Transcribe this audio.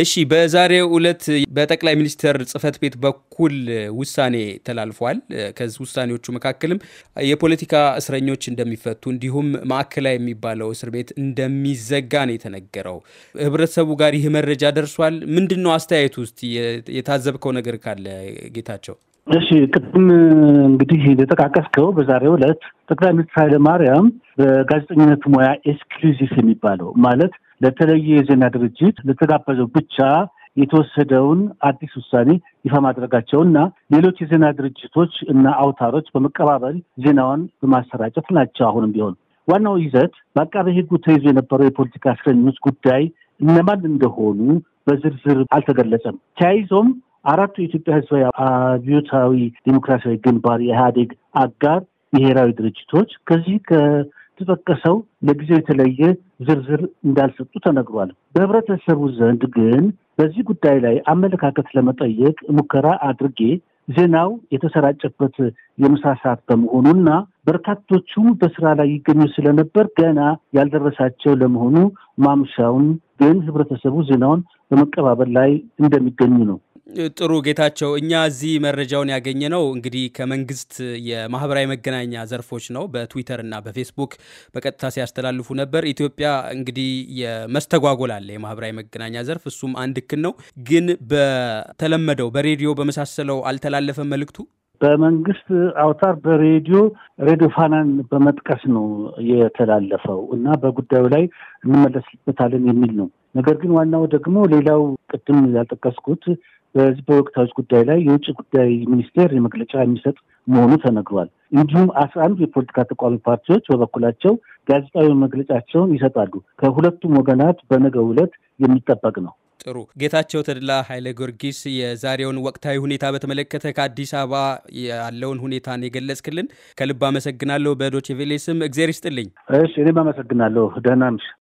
እሺ በዛሬ ዕለት በጠቅላይ ሚኒስትር ጽህፈት ቤት በኩል ውሳኔ ተላልፏል። ከዚህ ውሳኔዎቹ መካከልም የፖለቲካ እስረኞች እንደሚፈቱ እንዲሁም ማዕከላዊ የሚባለው እስር ቤት እንደሚዘጋ ነው የተነገረው። ህብረተሰቡ ጋር ይህ መረጃ ደርሷል? ምንድን ነው አስተያየቱ ውስጥ የታዘብከው ነገር ካለ ጌታቸው? እሺ ቅድም እንግዲህ እንደጠቃቀስከው በዛሬ ዕለት ጠቅላይ ሚኒስትር ኃይለማርያም በጋዜጠኝነት ሙያ ኤክስክሉዚቭ የሚባለው ማለት ለተለየ የዜና ድርጅት ለተጋበዘው ብቻ የተወሰደውን አዲስ ውሳኔ ይፋ ማድረጋቸው እና ሌሎች የዜና ድርጅቶች እና አውታሮች በመቀባበል ዜናዋን በማሰራጨት ናቸው። አሁንም ቢሆን ዋናው ይዘት በአቃቤ ሕጉ ተይዞ የነበረው የፖለቲካ እስረኞች ጉዳይ እነማን እንደሆኑ በዝርዝር አልተገለጸም። ተያይዞም አራቱ የኢትዮጵያ ሕዝባዊ አብዮታዊ ዴሞክራሲያዊ ግንባር የኢህአዴግ አጋር ብሔራዊ ድርጅቶች ከዚህ ከተጠቀሰው ለጊዜው የተለየ ዝርዝር እንዳልሰጡ ተነግሯል። በህብረተሰቡ ዘንድ ግን በዚህ ጉዳይ ላይ አመለካከት ለመጠየቅ ሙከራ አድርጌ ዜናው የተሰራጨበት የምሳ ሰዓት በመሆኑና በርካቶቹም በስራ ላይ ይገኙ ስለነበር ገና ያልደረሳቸው ለመሆኑ ማምሻውን ግን ህብረተሰቡ ዜናውን በመቀባበል ላይ እንደሚገኙ ነው ጥሩ ጌታቸው፣ እኛ እዚህ መረጃውን ያገኘ ነው እንግዲህ ከመንግስት የማህበራዊ መገናኛ ዘርፎች ነው። በትዊተር እና በፌስቡክ በቀጥታ ሲያስተላልፉ ነበር። ኢትዮጵያ እንግዲህ የመስተጓጎል አለ የማህበራዊ መገናኛ ዘርፍ፣ እሱም አንድ እክል ነው። ግን በተለመደው በሬዲዮ በመሳሰለው አልተላለፈም መልእክቱ በመንግስት አውታር በሬዲዮ ሬዲዮ ፋናን በመጥቀስ ነው የተላለፈው እና በጉዳዩ ላይ እንመለስበታለን የሚል ነው። ነገር ግን ዋናው ደግሞ ሌላው ቅድም ያልጠቀስኩት በህዝብ ወቅታዊ ጉዳይ ላይ የውጭ ጉዳይ ሚኒስቴር መግለጫ የሚሰጥ መሆኑ ተነግሯል። እንዲሁም አስራ አንድ የፖለቲካ ተቋሚ ፓርቲዎች በበኩላቸው ጋዜጣዊ መግለጫቸውን ይሰጣሉ። ከሁለቱም ወገናት በነገ ዕለት የሚጠበቅ ነው። ጥሩ ጌታቸው ተድላ ኃይለ ጊዮርጊስ የዛሬውን ወቅታዊ ሁኔታ በተመለከተ ከአዲስ አበባ ያለውን ሁኔታን የገለጽክልን ከልብ አመሰግናለሁ። በዶቼ ቬሌ ስም እግዜር ይስጥልኝ። እሺ እኔም አመሰግናለሁ። ደህና